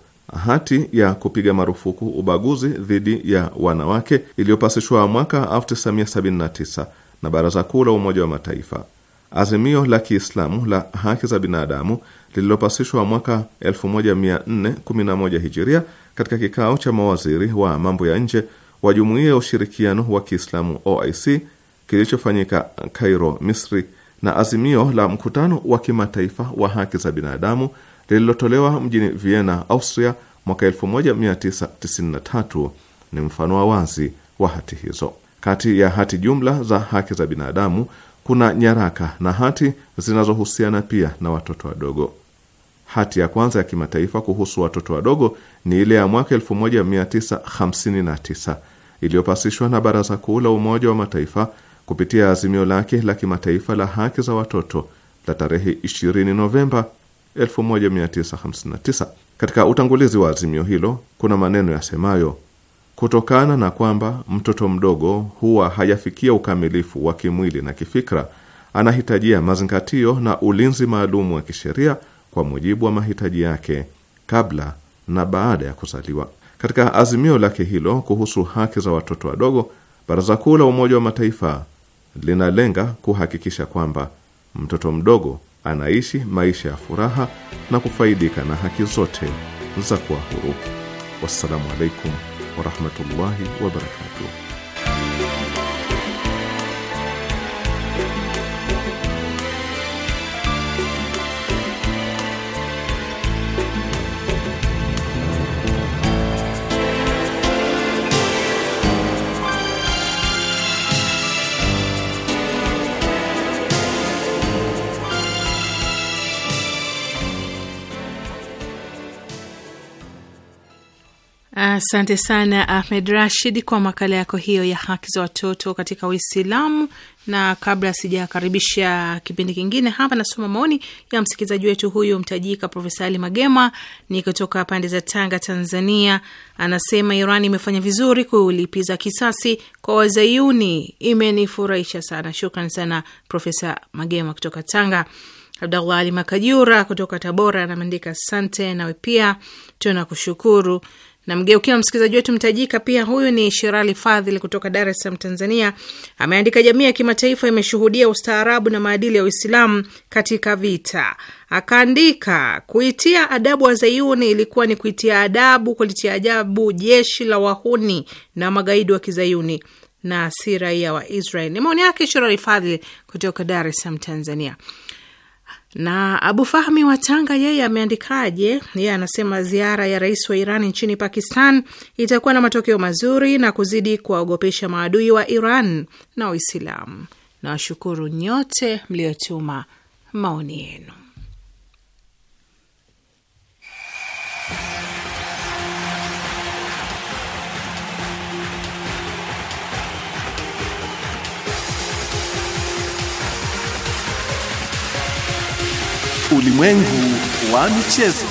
Hati ya kupiga marufuku ubaguzi dhidi ya wanawake iliyopasishwa mwaka 1979 na Baraza Kuu la Umoja wa Mataifa, azimio la Kiislamu la haki za binadamu lililopasishwa mwaka 1411 Hijiria katika kikao cha mawaziri wa mambo ya nje wa Jumuiya ya Ushirikiano wa Kiislamu OIC kilichofanyika Cairo, Misri, na azimio la mkutano wa kimataifa wa haki za binadamu lililotolewa mjini Vienna, Austria mwaka 1993 ni mfano wa wazi wa hati hizo. Kati ya hati jumla za haki za binadamu kuna nyaraka na hati zinazohusiana pia na watoto wadogo. Hati ya kwanza ya kimataifa kuhusu watoto wadogo ni ile ya mwaka 1959 iliyopasishwa na Baraza Kuu la Umoja wa Mataifa kupitia azimio lake la kimataifa la haki za watoto la tarehe 20 Novemba 1959. Katika utangulizi wa azimio hilo kuna maneno yasemayo, kutokana na kwamba mtoto mdogo huwa hajafikia ukamilifu wa kimwili na kifikra, anahitajia mazingatio na ulinzi maalumu wa kisheria kwa mujibu wa mahitaji yake kabla na baada ya kuzaliwa. Katika azimio lake hilo kuhusu haki za watoto wadogo, Baraza Kuu la Umoja wa Mataifa linalenga kuhakikisha kwamba mtoto mdogo anaishi maisha ya furaha na kufaidika na haki zote za kuwa huru. Wassalamu alaikum warahmatullahi wabarakatuh. Asante sana Ahmed Rashid kwa makala yako hiyo ya haki za watoto katika Uislamu. Na kabla sijakaribisha kipindi kingine hapa, nasoma maoni ya msikilizaji wetu huyu mtajika, Profesa Ali Magema ni kutoka pande za Tanga, Tanzania. Anasema Iran imefanya vizuri kulipiza kisasi kwa Wazayuni, imenifurahisha sana. Shukran sana Profesa Magema kutoka Tanga. Abdallah Ali Makajura kutoka Tabora anameandika asante, nawe pia tunakushukuru. Namgeukia msikilizaji wetu mtajika pia, huyu ni Shirali Fadhili kutoka Dar es Salaam, Tanzania. Ameandika, jamii ya kimataifa imeshuhudia ustaarabu na maadili ya Uislamu katika vita. Akaandika, kuitia adabu wa zayuni ilikuwa ni kuitia adabu, kulitia adabu jeshi la wahuni na magaidi wa kizayuni na si raia wa Israel. Ni maoni yake Shirali Fadhili kutoka Dar es Salaam, Tanzania. Na Abu Fahmi wa Tanga yeye ameandikaje? Yeye anasema ziara ya rais wa Iran nchini Pakistan itakuwa na matokeo mazuri na kuzidi kuwaogopesha maadui wa Iran na Waislamu. Nawashukuru nyote mliotuma maoni yenu. Ulimwengu wa michezo.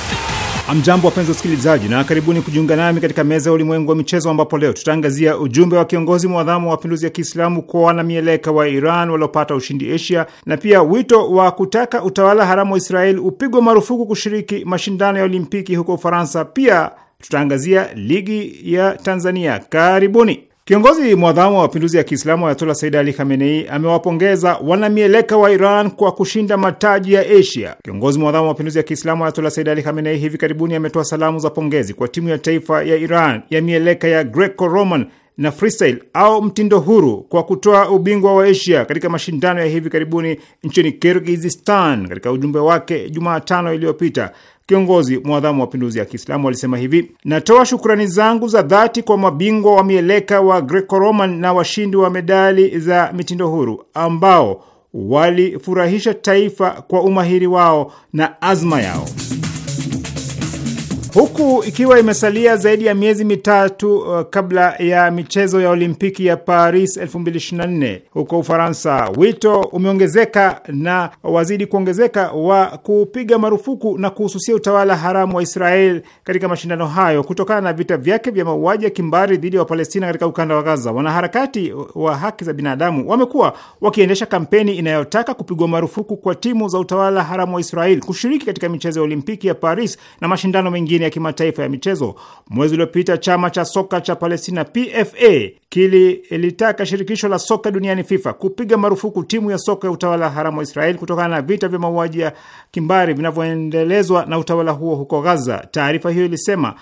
Amjambo, wapenzi wasikilizaji, na karibuni kujiunga nami katika meza ya ulimwengu wa michezo, ambapo leo tutaangazia ujumbe wa kiongozi mwadhamu wa mapinduzi ya Kiislamu kwa wanamieleka wa Iran waliopata ushindi Asia, na pia wito wa kutaka utawala haramu wa Israeli upigwe marufuku kushiriki mashindano ya Olimpiki huko Ufaransa. Pia tutaangazia ligi ya Tanzania. Karibuni. Kiongozi mwadhamu wa mapinduzi ya Kiislamu Ayatola Said Ali Khamenei amewapongeza wanamieleka wa Iran kwa kushinda mataji ya Asia. Kiongozi mwadhamu wa mapinduzi ya Kiislamu Ayatola Said Ali Khamenei hivi karibuni ametoa salamu za pongezi kwa timu ya taifa ya Iran ya mieleka ya Greco Roman na freestyle au mtindo huru kwa kutoa ubingwa wa Asia katika mashindano ya hivi karibuni nchini Kirgizistan. Katika ujumbe wake Jumatano iliyopita, kiongozi mwadhamu wa mapinduzi ya Kiislamu alisema hivi: natoa shukrani zangu za dhati kwa mabingwa wa mieleka wa Greco-Roman na washindi wa medali za mitindo huru ambao walifurahisha taifa kwa umahiri wao na azma yao huku ikiwa imesalia zaidi ya miezi mitatu uh, kabla ya michezo ya Olimpiki ya Paris 2024 huko Ufaransa, wito umeongezeka na wazidi kuongezeka wa kupiga marufuku na kuhususia utawala haramu wa Israel katika mashindano hayo kutokana na vita vyake vya mauaji ya kimbari dhidi ya Wapalestina katika ukanda wa Gaza. Wanaharakati wa haki za binadamu wamekuwa wakiendesha kampeni inayotaka kupigwa marufuku kwa timu za utawala haramu wa Israel kushiriki katika michezo ya Olimpiki ya Paris na mashindano mengine ya kimataifa ya michezo. Mwezi uliopita chama cha soka cha Palestina PFA kililitaka shirikisho la soka duniani FIFA kupiga marufuku timu ya soka ya utawala haramu wa Israeli kutokana na vita vya mauaji ya kimbari vinavyoendelezwa na utawala huo huko Gaza. Taarifa hiyo ilisema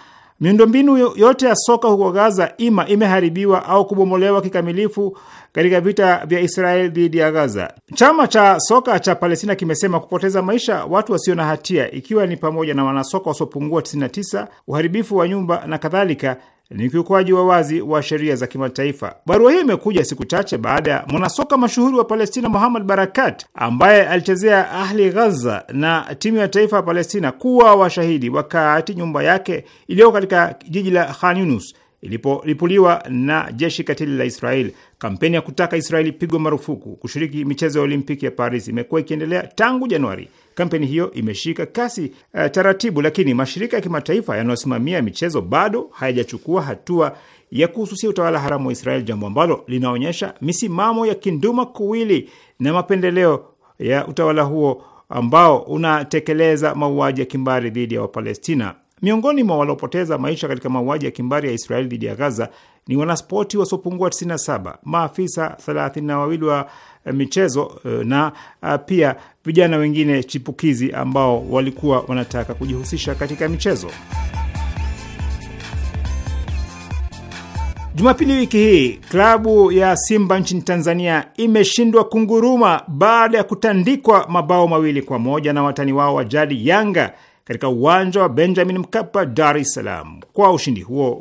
miundombinu yote ya soka huko Gaza ima imeharibiwa au kubomolewa kikamilifu katika vita vya Israel dhidi ya Gaza. Chama cha soka cha Palestina kimesema kupoteza maisha watu wasio na hatia, ikiwa ni pamoja na wanasoka wasiopungua 99, uharibifu wa nyumba na kadhalika ni ukiukaji wa wazi wa sheria za kimataifa. Barua hii imekuja siku chache baada ya mwanasoka mashuhuri wa Palestina Muhammad Barakat, ambaye alichezea Ahli Ghaza na timu ya taifa ya Palestina, kuwa washahidi wakati nyumba yake iliyoko katika jiji la Khan Yunus iliporipuliwa na jeshi katili la Israeli. Kampeni ya kutaka Israeli pigwa marufuku kushiriki michezo ya Olimpiki ya Paris imekuwa ikiendelea tangu Januari. Kampeni hiyo imeshika kasi uh, taratibu, lakini mashirika ya kimataifa yanayosimamia michezo bado hayajachukua hatua ya kuhususia utawala haramu wa Israeli, jambo ambalo linaonyesha misimamo ya kinduma kuwili na mapendeleo ya utawala huo ambao unatekeleza mauaji ya kimbari dhidi ya Wapalestina. Miongoni mwa waliopoteza maisha katika mauaji ya kimbari ya Israeli dhidi ya Gaza ni wanaspoti wasiopungua 97, maafisa 32 wa eh, michezo eh, na eh, pia vijana wengine chipukizi ambao walikuwa wanataka kujihusisha katika michezo. Jumapili wiki hii klabu ya Simba nchini Tanzania imeshindwa kunguruma baada ya kutandikwa mabao mawili kwa moja na watani wao wa jadi Yanga katika uwanja wa Benjamin Mkapa, Dar es Salaam. Kwa ushindi huo,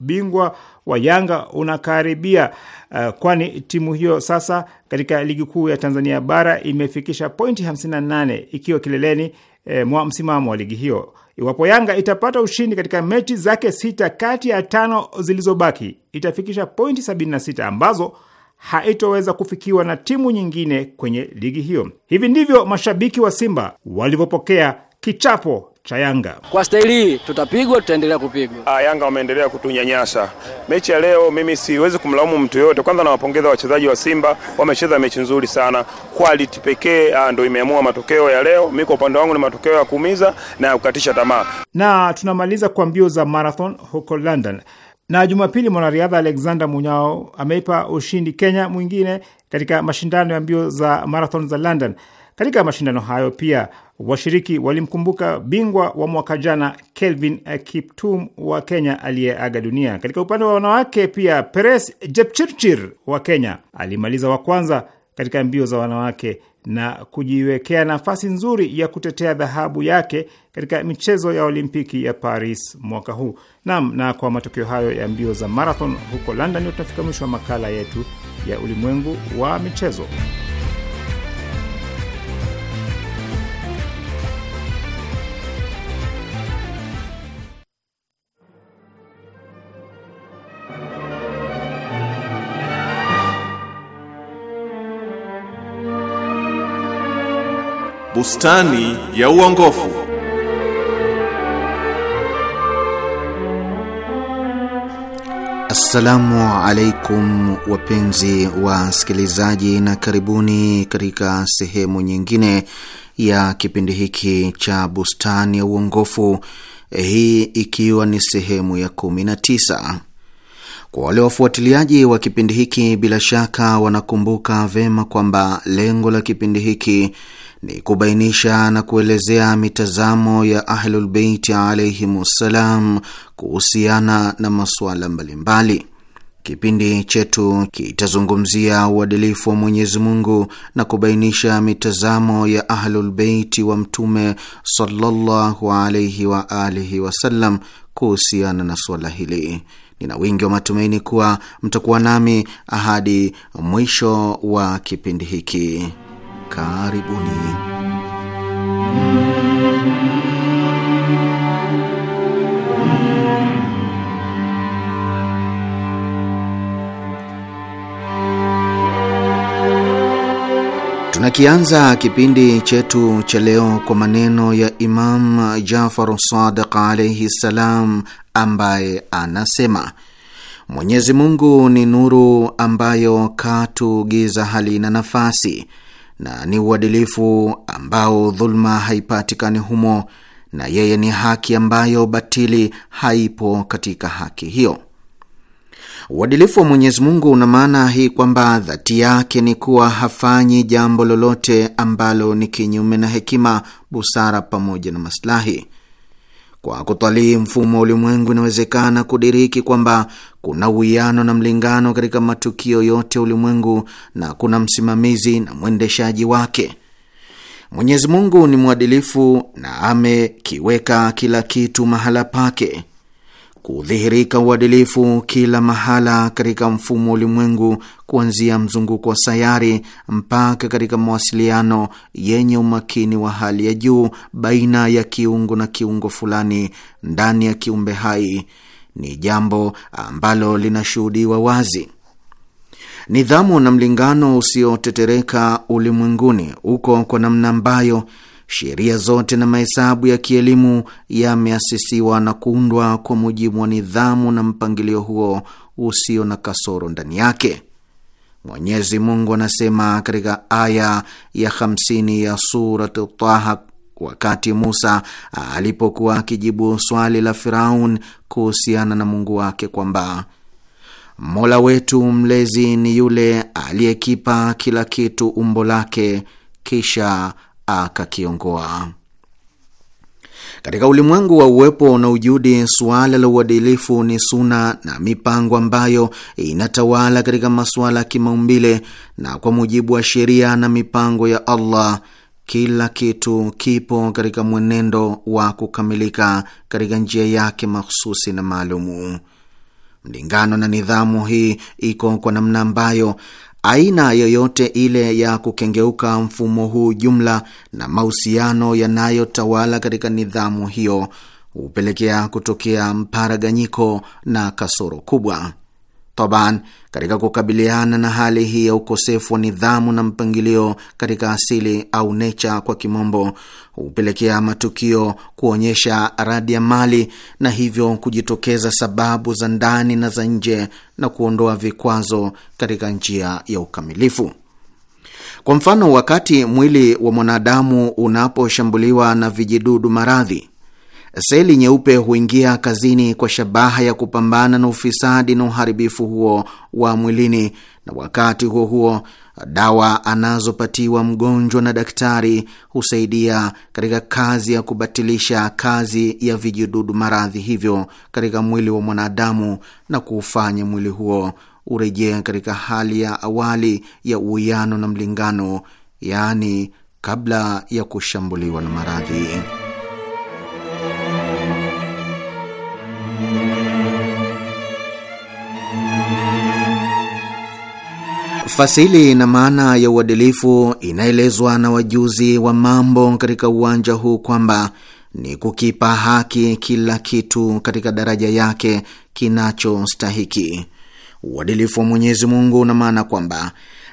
ubingwa wa Yanga unakaribia, uh, kwani timu hiyo sasa katika ligi kuu ya Tanzania bara imefikisha pointi 58 ikiwa kileleni eh, mwa msimamo wa ligi hiyo. Iwapo Yanga itapata ushindi katika mechi zake sita kati ya tano zilizobaki, itafikisha pointi 76 ambazo haitoweza kufikiwa na timu nyingine kwenye ligi hiyo. Hivi ndivyo mashabiki wa Simba walivyopokea kichapo cha Yanga. Kwa staili hii tutapigwa, tutaendelea kupigwa. Ah, Yanga wameendelea kutunyanyasa. Mechi ya leo mimi siwezi kumlaumu mtu yoyote. Kwanza nawapongeza wachezaji wa Simba, wamecheza mechi nzuri sana. Quality pekee ah, ndio imeamua matokeo ya leo. Mimi kwa upande wangu ni matokeo ya kuumiza na ya kukatisha tamaa. Na tunamaliza kwa mbio za marathon huko London. Na Jumapili mwanariadha Alexander Munyao ameipa ushindi Kenya mwingine katika mashindano ya mbio za marathon za London. Katika mashindano hayo pia washiriki walimkumbuka bingwa wa mwaka jana Kelvin Kiptum wa Kenya aliyeaga dunia. Katika upande wa wanawake pia Peres Jepchirchir wa Kenya alimaliza wa kwanza katika mbio za wanawake na kujiwekea nafasi nzuri ya kutetea dhahabu yake katika michezo ya Olimpiki ya Paris mwaka huu. Naam, na kwa matokeo hayo ya mbio za marathon huko London, tunafika mwisho wa makala yetu ya ulimwengu wa michezo. bustani ya uongofu. Assalamu alaikum wapenzi wasikilizaji, na karibuni katika sehemu nyingine ya kipindi hiki cha bustani ya uongofu, hii ikiwa ni sehemu ya 19. Kwa wale wafuatiliaji wa kipindi hiki, bila shaka wanakumbuka vema kwamba lengo la kipindi hiki ni kubainisha na kuelezea mitazamo ya Ahlulbeiti wassalam kuhusiana na masuala mbalimbali. Kipindi chetu kitazungumzia uadilifu wa Mwenyezi Mungu na kubainisha mitazamo ya Ahlulbeiti wa Mtume sallallahu alaihi wa alihi wasallam kuhusiana na suala hili. Nina wingi wa matumaini kuwa mtakuwa nami ahadi mwisho wa kipindi hiki. Karibuni. Tunakianza kipindi chetu cha leo kwa maneno ya Imam jafar Sadiq alaihi ssalam, ambaye anasema Mwenyezi Mungu ni nuru ambayo katu giza halina nafasi na ni uadilifu ambao dhuluma haipatikani humo, na yeye ni haki ambayo batili haipo katika haki hiyo. Uadilifu wa Mwenyezi Mungu una maana hii kwamba dhati yake ni kuwa hafanyi jambo lolote ambalo ni kinyume na hekima, busara pamoja na maslahi. Kwa kutwalii mfumo wa ulimwengu, inawezekana kudiriki kwamba kuna uwiano na mlingano katika matukio yote ya ulimwengu na kuna msimamizi na mwendeshaji wake. Mwenyezi Mungu ni mwadilifu na amekiweka kila kitu mahala pake. Kudhihirika uadilifu kila mahala katika mfumo wa ulimwengu, kuanzia mzunguko wa sayari mpaka katika mawasiliano yenye umakini wa hali ya juu baina ya kiungo na kiungo fulani ndani ya kiumbe hai, ni jambo ambalo linashuhudiwa wazi. Nidhamu na mlingano usiotetereka ulimwenguni uko kwa namna ambayo Sheria zote na mahesabu ya kielimu yameasisiwa na kuundwa kwa mujibu wa nidhamu na mpangilio huo usio na kasoro ndani yake. Mwenyezi Mungu anasema katika aya ya 50 ya Surat Taha, wakati Musa alipokuwa akijibu swali la Firaun kuhusiana na Mungu wake kwamba Mola wetu mlezi ni yule aliyekipa kila kitu umbo lake kisha akakiongoa. Katika ulimwengu wa uwepo na ujudi, suala la uadilifu ni suna na mipango ambayo inatawala katika masuala ya kimaumbile, na kwa mujibu wa sheria na mipango ya Allah kila kitu kipo katika mwenendo wa kukamilika katika njia yake makhususi na maalumu. Mlingano na nidhamu hii iko kwa namna ambayo Aina yoyote ile ya kukengeuka mfumo huu jumla na mahusiano yanayotawala katika nidhamu hiyo hupelekea kutokea mparaganyiko na kasoro kubwa. Taban, katika kukabiliana na hali hii ya ukosefu wa nidhamu na mpangilio katika asili au necha kwa kimombo, hupelekea matukio kuonyesha radi ya mali na hivyo kujitokeza sababu za ndani na za nje na kuondoa vikwazo katika njia ya ukamilifu. Kwa mfano, wakati mwili wa mwanadamu unaposhambuliwa na vijidudu maradhi Seli nyeupe huingia kazini kwa shabaha ya kupambana na ufisadi na uharibifu huo wa mwilini, na wakati huo huo dawa anazopatiwa mgonjwa na daktari husaidia katika kazi ya kubatilisha kazi ya vijidudu maradhi hivyo katika mwili wa mwanadamu na kuufanya mwili huo urejea katika hali ya awali ya uwiano na mlingano, yaani kabla ya kushambuliwa na maradhi. Fasili na maana ya uadilifu inaelezwa na wajuzi wa mambo katika uwanja huu kwamba ni kukipa haki kila kitu katika daraja yake kinachostahiki. Uadilifu wa Mwenyezi Mungu una maana kwamba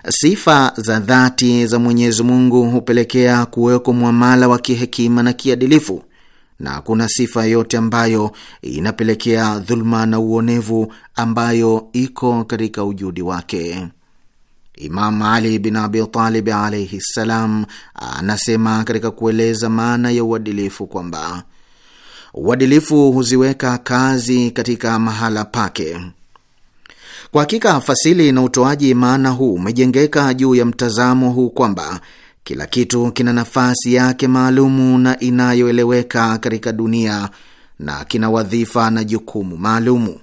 sifa za dhati za Mwenyezi Mungu hupelekea kuweko mwamala wa kihekima na kiadilifu, na kuna sifa yote ambayo inapelekea dhuluma na uonevu ambayo iko katika ujudi wake. Imam Ali bin Abi Talib alaihi ssalam anasema katika kueleza maana ya uadilifu kwamba uadilifu huziweka kazi katika mahala pake. Kwa hakika fasili na utoaji maana huu umejengeka juu ya mtazamo huu kwamba kila kitu kina nafasi yake maalumu na inayoeleweka katika dunia na kina wadhifa na jukumu maalumu.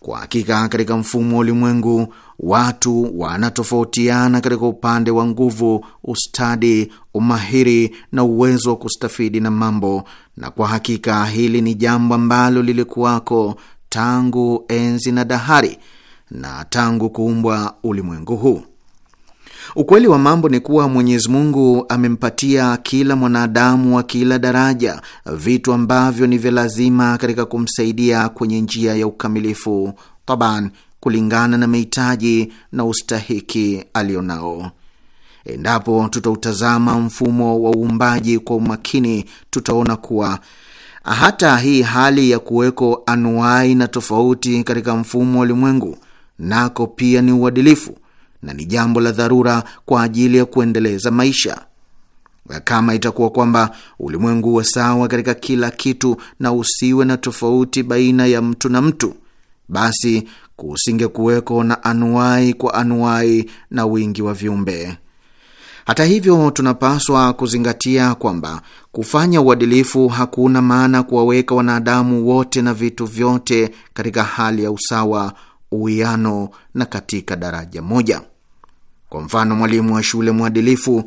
Kwa hakika katika mfumo wa ulimwengu Watu wanatofautiana katika upande wa nguvu, ustadi, umahiri na uwezo wa kustafidi na mambo, na kwa hakika hili ni jambo ambalo lilikuwako tangu enzi na dahari na tangu kuumbwa ulimwengu huu. Ukweli wa mambo ni kuwa Mwenyezi Mungu amempatia kila mwanadamu wa kila daraja vitu ambavyo ni vya lazima katika kumsaidia kwenye njia ya ukamilifu taban kulingana na mahitaji na ustahiki alionao. Endapo tutautazama mfumo wa uumbaji kwa umakini, tutaona kuwa hata hii hali ya kuweko anuai na tofauti katika mfumo wa ulimwengu nako pia ni uadilifu na ni jambo la dharura kwa ajili ya kuendeleza maisha. Kama itakuwa kwamba ulimwengu uwe sawa katika kila kitu na usiwe na tofauti baina ya mtu na mtu, basi kusingekuweko na anuai kwa anuai na wingi wa viumbe. Hata hivyo, tunapaswa kuzingatia kwamba kufanya uadilifu hakuna maana kuwaweka wanadamu wote na vitu vyote katika hali ya usawa, uwiano na katika daraja moja. Kwa mfano, mwalimu wa shule mwadilifu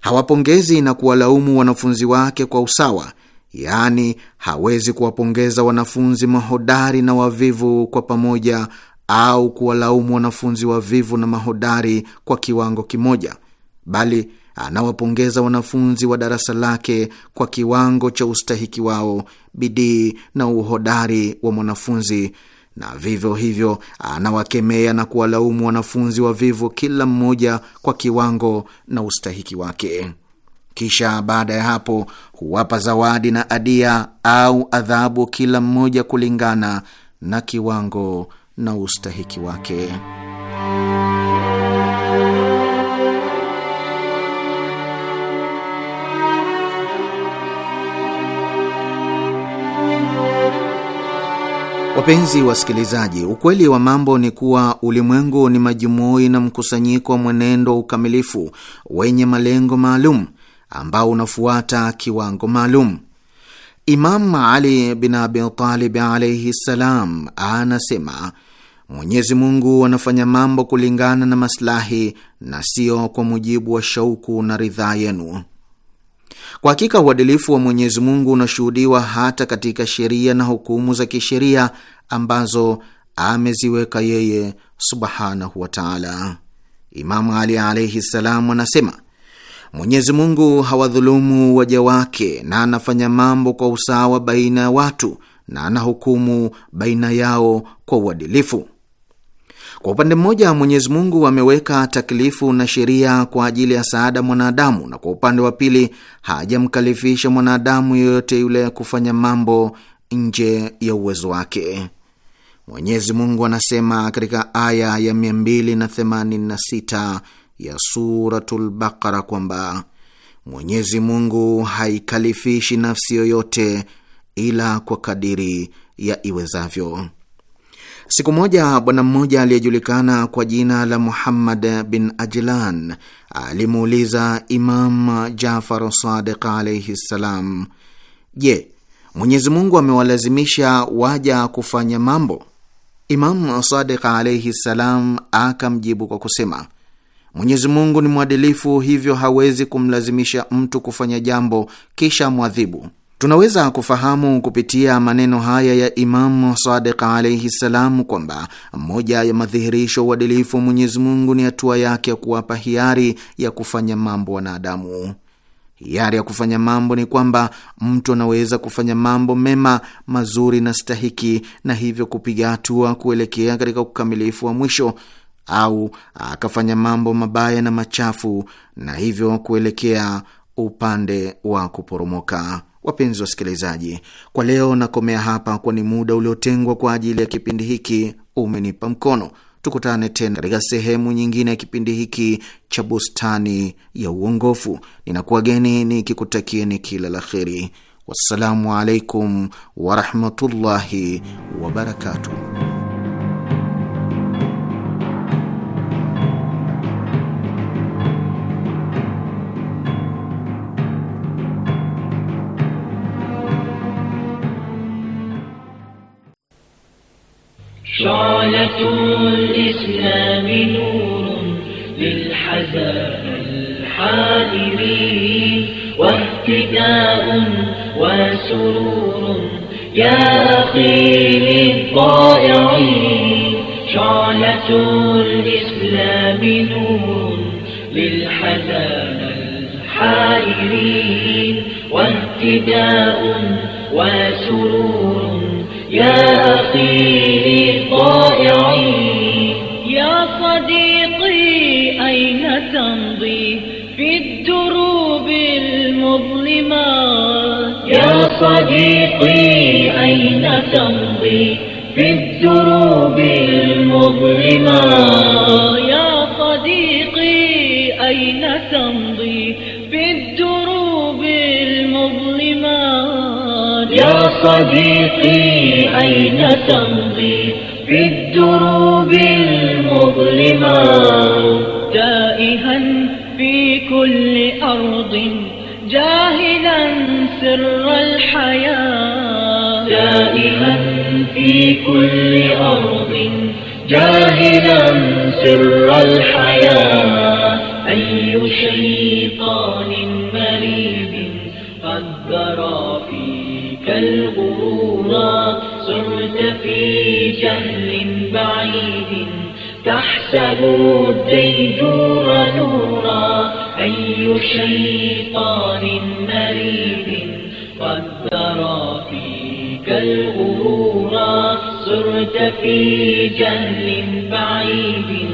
hawapongezi na kuwalaumu wanafunzi wake kwa usawa, yaani hawezi kuwapongeza wanafunzi mahodari na wavivu kwa pamoja au kuwalaumu wanafunzi wavivu na mahodari kwa kiwango kimoja, bali anawapongeza wanafunzi wa darasa lake kwa kiwango cha ustahiki wao, bidii na uhodari wa mwanafunzi, na vivyo hivyo anawakemea na kuwalaumu wanafunzi wavivu, kila mmoja kwa kiwango na ustahiki wake. Kisha baada ya hapo huwapa zawadi na adia au adhabu, kila mmoja kulingana na kiwango na ustahiki wake. Wapenzi wasikilizaji, ukweli wa mambo ni kuwa ulimwengu ni majumui na mkusanyiko wa mwenendo wa ukamilifu wenye malengo maalum ambao unafuata kiwango maalum. Imam Ali bin Abi Talib alaihi ssalam anasema Mwenyezi Mungu anafanya mambo kulingana na maslahi na sio kwa mujibu wa shauku na ridhaa yenu. Kwa hakika uadilifu wa Mwenyezi Mungu unashuhudiwa hata katika sheria na hukumu za kisheria ambazo ameziweka yeye subhanahu wa taala. Imamu Ali alaihi ssalam anasema Mwenyezi Mungu hawadhulumu waja wake na anafanya mambo kwa usawa baina ya watu na anahukumu baina yao kwa uadilifu. Kwa upande mmoja, Mwenyezi Mungu ameweka taklifu na sheria kwa ajili ya saada mwanadamu, na kwa upande wa pili hajamkalifisha mwanadamu yoyote yule kufanya mambo nje ya uwezo wake. Mwenyezi Mungu anasema katika aya ya 286 ya Suratul Baqara kwamba Mwenyezi Mungu haikalifishi nafsi yoyote ila kwa kadiri ya iwezavyo. Siku moja bwana mmoja aliyejulikana kwa jina la Muhammad bin Ajlan alimuuliza Imam Jafar Sadiq alaihi ssalam, je, Mwenyezi Mungu amewalazimisha waja kufanya mambo? imamu Sadiq alaihi ssalam akamjibu kwa kusema, Mwenyezi Mungu ni mwadilifu, hivyo hawezi kumlazimisha mtu kufanya jambo kisha mwadhibu Tunaweza kufahamu kupitia maneno haya ya Imamu Sadiq alaihi ssalam kwamba moja ya madhihirisho uadilifu wa Mwenyezi Mungu ni hatua yake ya kuwapa hiari ya kufanya mambo wanadamu. Hiari ya kufanya mambo ni kwamba mtu anaweza kufanya mambo mema, mazuri na stahiki, na hivyo kupiga hatua kuelekea katika ukamilifu wa mwisho, au akafanya mambo mabaya na machafu, na hivyo kuelekea upande wa kuporomoka. Wapenzi wasikilizaji, kwa leo nakomea hapa, kwani muda uliotengwa kwa ajili ya kipindi hiki umenipa mkono. Tukutane tena katika sehemu nyingine ya kipindi hiki cha Bustani ya Uongofu. Ninakuwageni nikikutakieni kila la kheri. Wassalamu alaikum warahmatullahi wabarakatuh. شعلة الإسلام نور للحزى الحائرين واهتداء وسرور يا أخي للضائعين شعلة الإسلام نور للحزان الحائرين واهتداء وسرور يا أخي للضائعين يا صديقي أين تمضي في الدروب المظلمات يا صديقي أين تمضي في الدروب المظلمات يا صديقي أين تمضي في الدروب المظلمات يا صديقي أين تمضي في الدروب المظلمة تائها في كل أرض جاهلا سر الحياة تائها في كل أرض جاهلا سر الحياة أي شيطان مريب قد ذرى فيك الغرور وصلت في جهل بعيد تحسب الديدور نورا أي شيطان مريد قد ترى فيك الغرورا صرت في جهل بعيد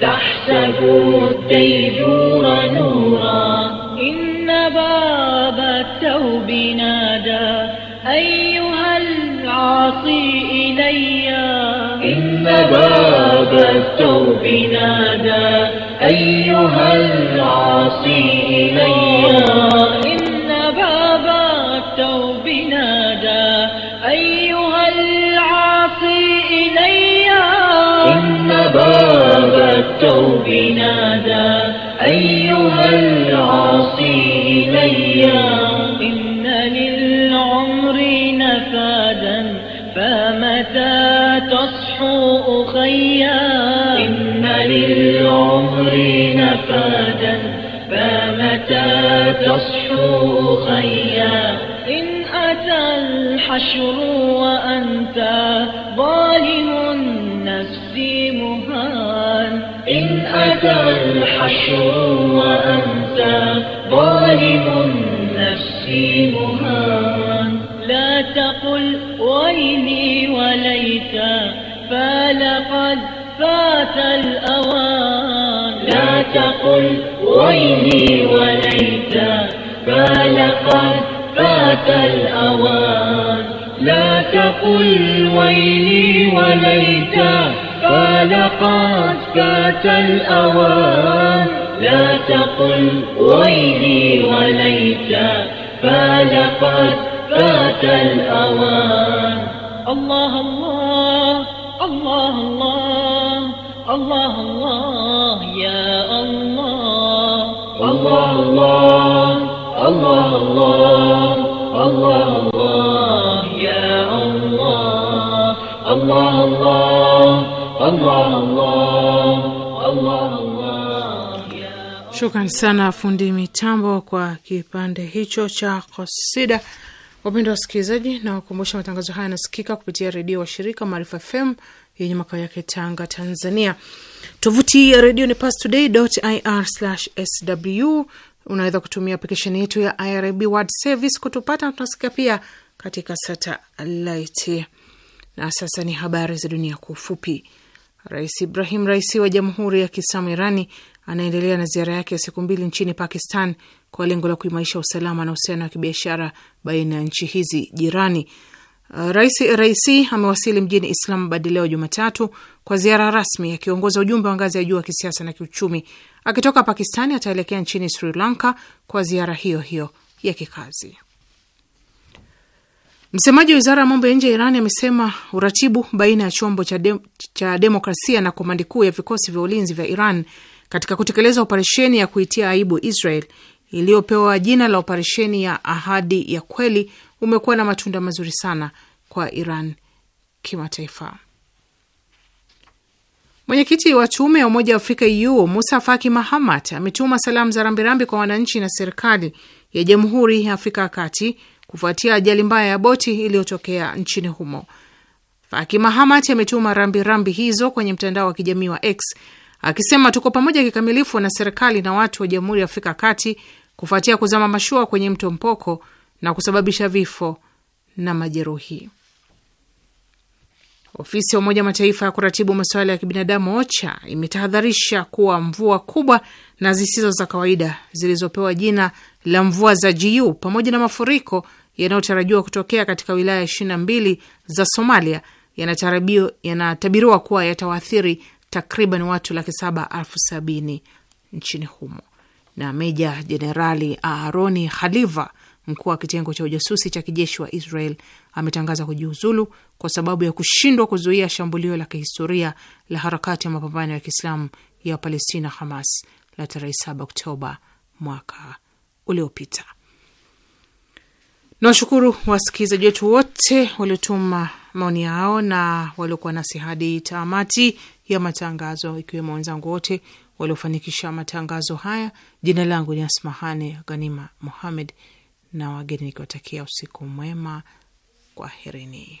تحسب الديدور نورا إن باب التوب نادى تعطي إلي إن باب التوب نادى أيها الحشر وأنت ظالم نفسي مهان إن أتى الحشر وأنت ظالم نفسي مهان لا تقل ويلي وليت فلقد فات الأوان لا تقل ويلي وليت فلقد وليتا فلقد فات الأوان لا تقل ويلي وليتا فلقد فات الأوان الله الله الله الله الله الله يا الله الله الله الله الله الله الله الله الله الله Shukran sana fundi mitambo kwa kipande hicho cha kosida. Wapendwa wasikilizaji, na wakumbusha matangazo haya yanasikika kupitia redio wa shirika Maarifa FM yenye makao yake Tanga, Tanzania. Tovuti ya redio ni pastoday.ir/sw. Unaweza kutumia aplikesheni yetu ya IRIB World Service kutupata. Tunasikia pia katika satelaiti. Na sasa ni habari za dunia kwa ufupi. Rais Ibrahim Raisi wa Jamhuri ya Kiislamu Irani anaendelea na ziara yake ya siku mbili nchini Pakistan kwa lengo la kuimarisha usalama na uhusiano wa kibiashara baina ya nchi hizi jirani. Uh, Rais Raisi amewasili mjini Islamabad leo Jumatatu kwa ziara rasmi akiongoza ujumbe wa ngazi ya juu wa kisiasa na kiuchumi. Akitoka Pakistani ataelekea nchini Sri Lanka kwa ziara hiyo hiyo ya kikazi. Msemaji wa wizara ya mambo ya nje ya Irani amesema uratibu baina ya chombo cha, de, cha demokrasia na komandi kuu ya vikosi vya ulinzi vya Iran katika kutekeleza operesheni ya kuitia aibu Israel iliyopewa jina la operesheni ya ahadi ya kweli umekuwa na matunda mazuri sana kwa Iran kimataifa. Mwenyekiti wa tume ya Umoja wa Afrika EU Musa Faki Mahamat ametuma salamu za rambirambi kwa wananchi na serikali ya Jamhuri ya Afrika ya Kati kufuatia ajali mbaya ya boti iliyotokea nchini humo. Fakima Hamat ametuma rambirambi hizo kwenye mtandao wa kijamii wa X akisema, tuko pamoja kikamilifu na serikali na watu wa Jamhuri ya Afrika Kati kufuatia kuzama mashua kwenye mto Mpoko na kusababisha vifo na majeruhi. Ofisi ya Umoja Mataifa ya kuratibu masuala ya kibinadamu OCHA imetahadharisha kuwa mvua kubwa na zisizo za kawaida zilizopewa jina la mvua za gu pamoja na mafuriko yanayotarajiwa kutokea katika wilaya ishirini na mbili za Somalia yanatabiriwa kuwa yatawaathiri takriban watu laki saba elfu sabini nchini humo. Na Meja Jenerali Aaroni haliva mkuu wa kitengo cha ujasusi cha kijeshi wa Israel, ametangaza kujiuzulu kwa sababu ya kushindwa kuzuia shambulio la kihistoria la harakati ya mapambano ya Kiislamu ya Palestina, Hamas, la tarehe 7 Oktoba mwaka uliopita. Nawashukuru wasikilizaji wetu wote waliotuma maoni yao na waliokuwa nasi hadi tamati ya matangazo, ikiwemo wenzangu wote waliofanikisha matangazo haya. Jina langu ni Asmahane Ghanima Muhamed na wageni nikiwatakia usiku mwema, kwaherini.